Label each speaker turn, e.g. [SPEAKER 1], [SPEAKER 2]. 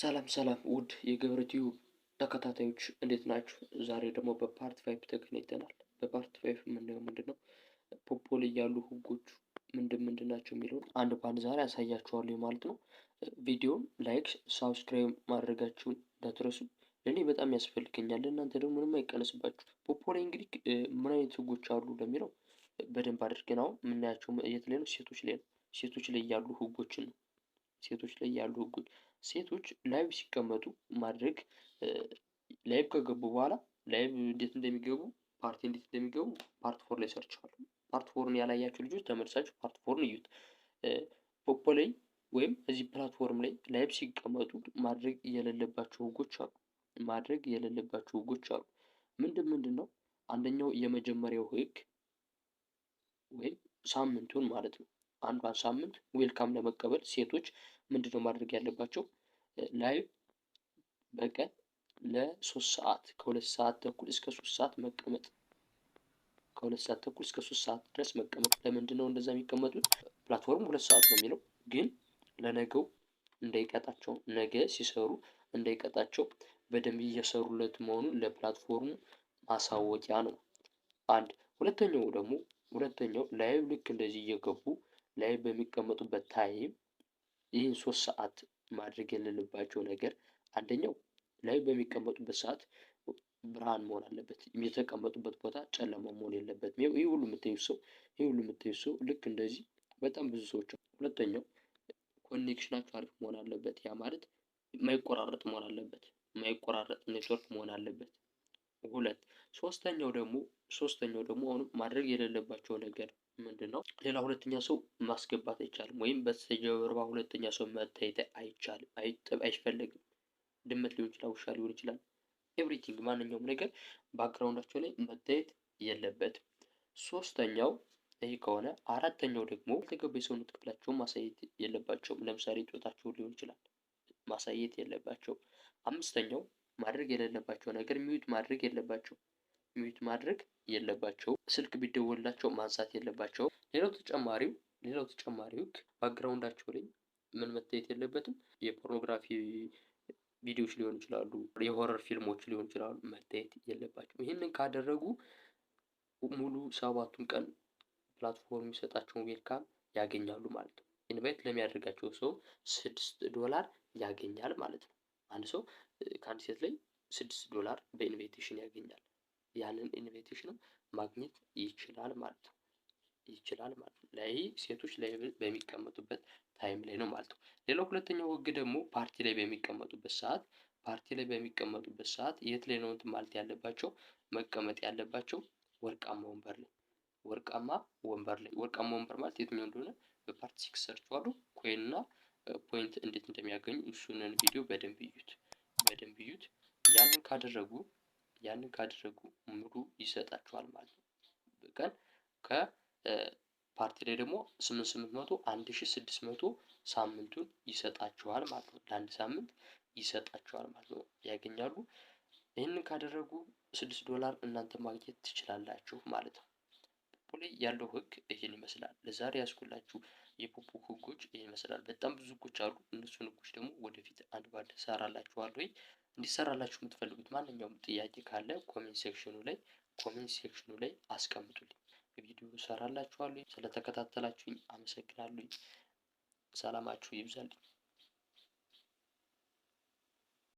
[SPEAKER 1] ሰላም ሰላም ውድ የገብረቲዩ ተከታታዮች እንዴት ናችሁ? ዛሬ ደግሞ በፓርት ፋይቭ ተገናኝተናል። በፓርት ፋይቭ የምናየው ምንድን ነው ፖፖ ላይ ህጎቹ ምንድን ምንድን ናቸው የሚለውን አንድ ባንድ ዛሬ ያሳያችኋለሁ ማለት ነው። ቪዲዮን ላይክ፣ ሳብስክራይብ ማድረጋችሁን እንዳትረሱ። ለእኔ በጣም ያስፈልገኛል፣ ለእናንተ ደግሞ ምንም አይቀነስባችሁ። ፖፖል እንግዲህ ምን አይነት ህጎች አሉ ለሚለው በደንብ አድርገን አሁን የምናያቸው የት ላይ ነው? ሴቶች ላይ ነው። ሴቶች ላይ እያሉ ህጎችን ነው ሴቶች ላይ ያሉ ህጎች ሴቶች ላይቭ ሲቀመጡ ማድረግ ላይቭ ከገቡ በኋላ ላይቭ እንዴት እንደሚገቡ ፓርቲ እንዴት እንደሚገቡ ፓርት ፎር ላይ ሰርችዋል። ፓርት ፎርን ያላያችሁ ልጆች ተመልሳችሁ ፓርት ፎርን እዩት። ፖፖ ላይ ወይም እዚህ ፕላትፎርም ላይ ላይቭ ሲቀመጡ ማድረግ የሌለባቸው ህጎች አሉ። ማድረግ የሌለባቸው ህጎች አሉ። ምንድን ምንድን ነው? አንደኛው የመጀመሪያው ህግ ወይም ሳምንቱን ማለት ነው አንዷን ሳምንት ዌልካም ለመቀበል ሴቶች ምንድን ነው ማድረግ ያለባቸው? ላይቭ በቀን ለሶስት ሰዓት ከሁለት ሰዓት ተኩል እስከ ሶስት ሰዓት መቀመጥ ከሁለት ሰዓት ተኩል እስከ ሶስት ሰዓት ድረስ መቀመጥ። ለምንድን ነው እንደዛ የሚቀመጡት? ፕላትፎርም ሁለት ሰዓት ነው የሚለው ግን ለነገው እንዳይቀጣቸው ነገ ሲሰሩ እንዳይቀጣቸው በደንብ እየሰሩለት መሆኑን ለፕላትፎርሙ ማሳወቂያ ነው። አንድ ሁለተኛው ደግሞ ሁለተኛው ላይቭ ልክ እንደዚህ እየገቡ ላይ በሚቀመጡበት ታይም ይህን ሶስት ሰዓት ማድረግ የሌለባቸው ነገር አንደኛው ላይ በሚቀመጡበት ሰዓት ብርሃን መሆን አለበት። የተቀመጡበት ቦታ ጨለማ መሆን የለበትም። ይህ ሁሉ የምታዩ ሰው ይህ ሁሉ የምታዩ ሰው ልክ እንደዚህ በጣም ብዙ ሰዎች። ሁለተኛው ኮኔክሽናቸው አሪፍ መሆን አለበት። ያ ማለት የማይቆራረጥ መሆን አለበት። የማይቆራረጥ ኔትወርክ መሆን አለበት። ሁለት ሶስተኛው ደግሞ ሶስተኛው ደግሞ አሁንም ማድረግ የሌለባቸው ነገር ምንድን ነው? ሌላ ሁለተኛ ሰው ማስገባት አይቻልም፣ ወይም በስተጀርባ ሁለተኛ ሰው መታየት አይቻልም፣ አይፈለግም። ድመት ሊሆን ይችላል፣ ውሻ ሊሆን ይችላል። ኤቭሪቲንግ ማንኛውም ነገር ባክግራውንዳቸው ላይ መታየት የለበትም። ሶስተኛው ይህ ከሆነ አራተኛው ደግሞ ያልተገባ የሰውነት ክፍላቸውን ማሳየት የለባቸውም። ለምሳሌ ጦታቸውን ሊሆን ይችላል ማሳየት የለባቸው። አምስተኛው ማድረግ የሌለባቸው ነገር ሚዩት ማድረግ የለባቸው ሚዩት ማድረግ የለባቸው ስልክ ቢደወላቸው ማንሳት የለባቸው። ሌላው ተጨማሪው ሌላው ተጨማሪው ባክግራውንዳቸው ላይ ምን መታየት የለበትም የፖርኖግራፊ ቪዲዮዎች ሊሆን ይችላሉ፣ የሆረር ፊልሞች ሊሆን ይችላሉ መታየት የለባቸው። ይህንን ካደረጉ ሙሉ ሰባቱን ቀን ፕላትፎርም የሚሰጣቸውን ዌልካም ያገኛሉ ማለት ነው። ኢንቫይት ለሚያደርጋቸው ሰው ስድስት ዶላር ያገኛል ማለት ነው። አንድ ሰው ከአንድ ሴት ላይ ስድስት ዶላር በኢንቪቴሽን ያገኛል። ያንን ኢንቪቴሽንም ማግኘት ይችላል ማለት ነው ይችላል ማለት ነው። ለይ ሴቶች ላይ በሚቀመጡበት ታይም ላይ ነው ማለት ነው። ሌላው ሁለተኛው ህግ ደግሞ ፓርቲ ላይ በሚቀመጡበት ሰዓት ፓርቲ ላይ በሚቀመጡበት ሰዓት የት ላይ ነው እንትን ማለት ያለባቸው መቀመጥ ያለባቸው ወርቃማ ወንበር ላይ ወርቃማ ወንበር ላይ ወርቃማ ወንበር ማለት የትኛው እንደሆነ በፓርቲ ሲክስ ሰርቸዋሉ ኮይን እና ፖይንት እንዴት እንደሚያገኙ እሱንን ቪዲዮ በደንብ እዩት፣ በደንብ እዩት። ያንን ካደረጉ ያንን ካደረጉ ሙሉ ይሰጣችኋል ማለት ነው። በቀን ከፓርቲ ላይ ደግሞ ስምንት ስምንት መቶ አንድ ሺ ስድስት መቶ ሳምንቱን ይሰጣችኋል ማለት ነው። ለአንድ ሳምንት ይሰጣችኋል ማለት ነው ያገኛሉ። ይህንን ካደረጉ ስድስት ዶላር እናንተ ማግኘት ትችላላችሁ ማለት ነው። ፖፖ ላይ ያለው ህግ ይህን ይመስላል። ለዛሬ ያስኩላችሁ የፖፖ ህጎች ይህን ይመስላል። በጣም ብዙ ህጎች አሉ። እነሱን ህጎች ደግሞ ወደፊት አንድ ባንድ ሰራላችኋለሁ። እንዲሰራላችሁ የምትፈልጉት ማንኛውም ጥያቄ ካለ ኮሜንት ሴክሽኑ ላይ ኮሜንት ሴክሽኑ ላይ አስቀምጡልኝ። ቪዲዮ ሰራላችኋለሁ። ስለተከታተላችሁኝ አመሰግናለሁ። ሰላማችሁ ይብዛልኝ።